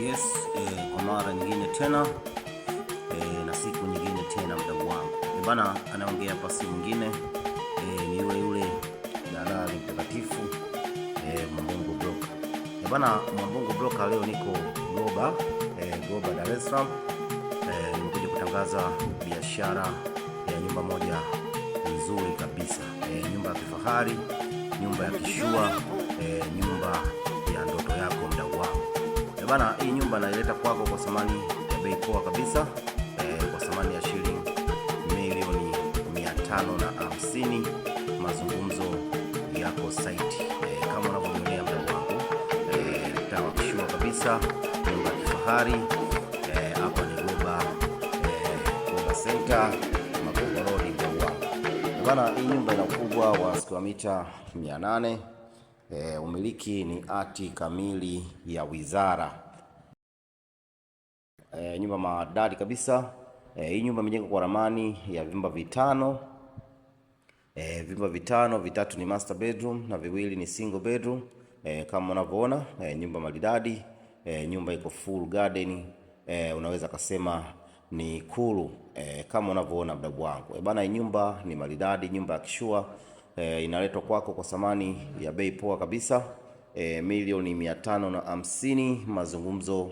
Yes, eh, kwa mara nyingine tena eh, na siku nyingine tena, mdau wangu bana, anaongea pasi si mwingine eh, ni yule yule dalali mtakatifu eh, Mwambungu Broker bana. Mwambungu Broker leo niko Goba eh, Goba Dar es Salaam eh, nimekuja kutangaza biashara ya nyumba moja nzuri kabisa eh, nyumba ya kifahari, nyumba ya kishua eh, nyumba ya ndoto yako Eh, bana, hii nyumba naileta kwako kwa thamani ya bei poa kabisa e, kwa thamani ya shilingi milioni 550. Mazungumzo yako site e, eh, kama unavyojionea mdogo wangu e, tawakishua kabisa nyumba ya kifahari hapa e, ni Goba e, Goba Center Magogo mdogo wangu bana, hii nyumba ina ukubwa wa square mita 800 e, umiliki ni hati kamili ya wizara e, nyumba maridadi kabisa e, hii nyumba imejengwa kwa ramani ya vyumba vitano e, vyumba vitano, vitatu ni master bedroom na viwili ni single bedroom e, kama unavyoona e, nyumba maridadi e, nyumba iko full garden e, unaweza kasema ni kulu. e, kama unavyoona mdau wangu e, bana, nyumba ni maridadi, nyumba ya kishua e, inaletwa kwako kwa thamani ya bei poa kabisa e, milioni mia tano na hamsini. Mazungumzo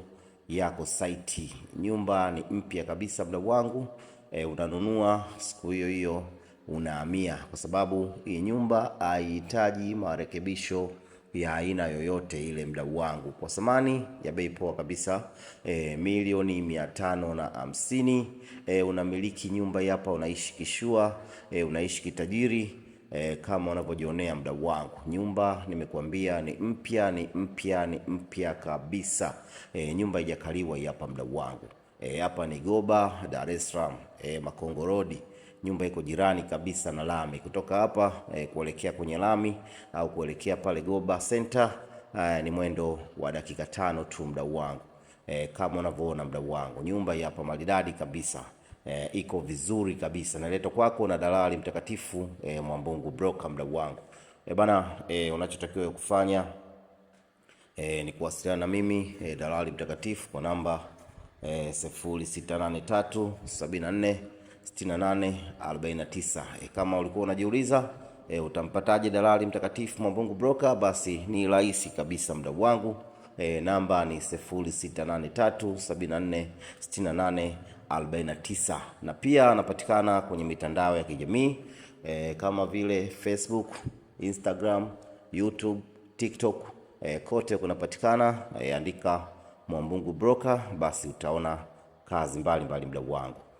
yako saiti, nyumba ni mpya kabisa mdau wangu e, eh, unanunua siku hiyo hiyo unahamia, kwa sababu hii nyumba haihitaji marekebisho ya aina yoyote ile, mdau wangu, kwa thamani ya bei poa kabisa e, milioni mia tano na hamsini. E, unamiliki nyumba hapa, unaishi kishua e, unaishi kitajiri E, kama unavyojionea mdau wangu, nyumba nimekuambia ni mpya, ni mpya, ni mpya kabisa. E, nyumba haijakaliwa hapa mdau wangu. E, hapa ni Goba, Dar es Salaam, e, Makongo Road. Nyumba iko jirani kabisa na lami, kutoka hapa e, kuelekea kwenye lami au kuelekea pale Goba Center e, ni mwendo wa dakika tano tu mdau wangu. E, kama unavyoona mdau wangu, nyumba hii hapa maridadi kabisa e, iko vizuri kabisa. Naletwa kwako na dalali mtakatifu e, Mwambungu broka mdau wangu e, bana e, unachotakiwa kufanya e, ni kuwasiliana na mimi e, dalali mtakatifu kwa namba e, 0683 74 68 49. E, kama ulikuwa unajiuliza E, utampataje dalali mtakatifu Mwambungu broka Basi ni rahisi kabisa mdau wangu e, namba ni 06837468 49 na pia anapatikana kwenye mitandao ya kijamii e, kama vile Facebook, Instagram, YouTube, TikTok e, kote kunapatikana e, andika Mwambungu Broker basi utaona kazi mbalimbali, mdau wangu.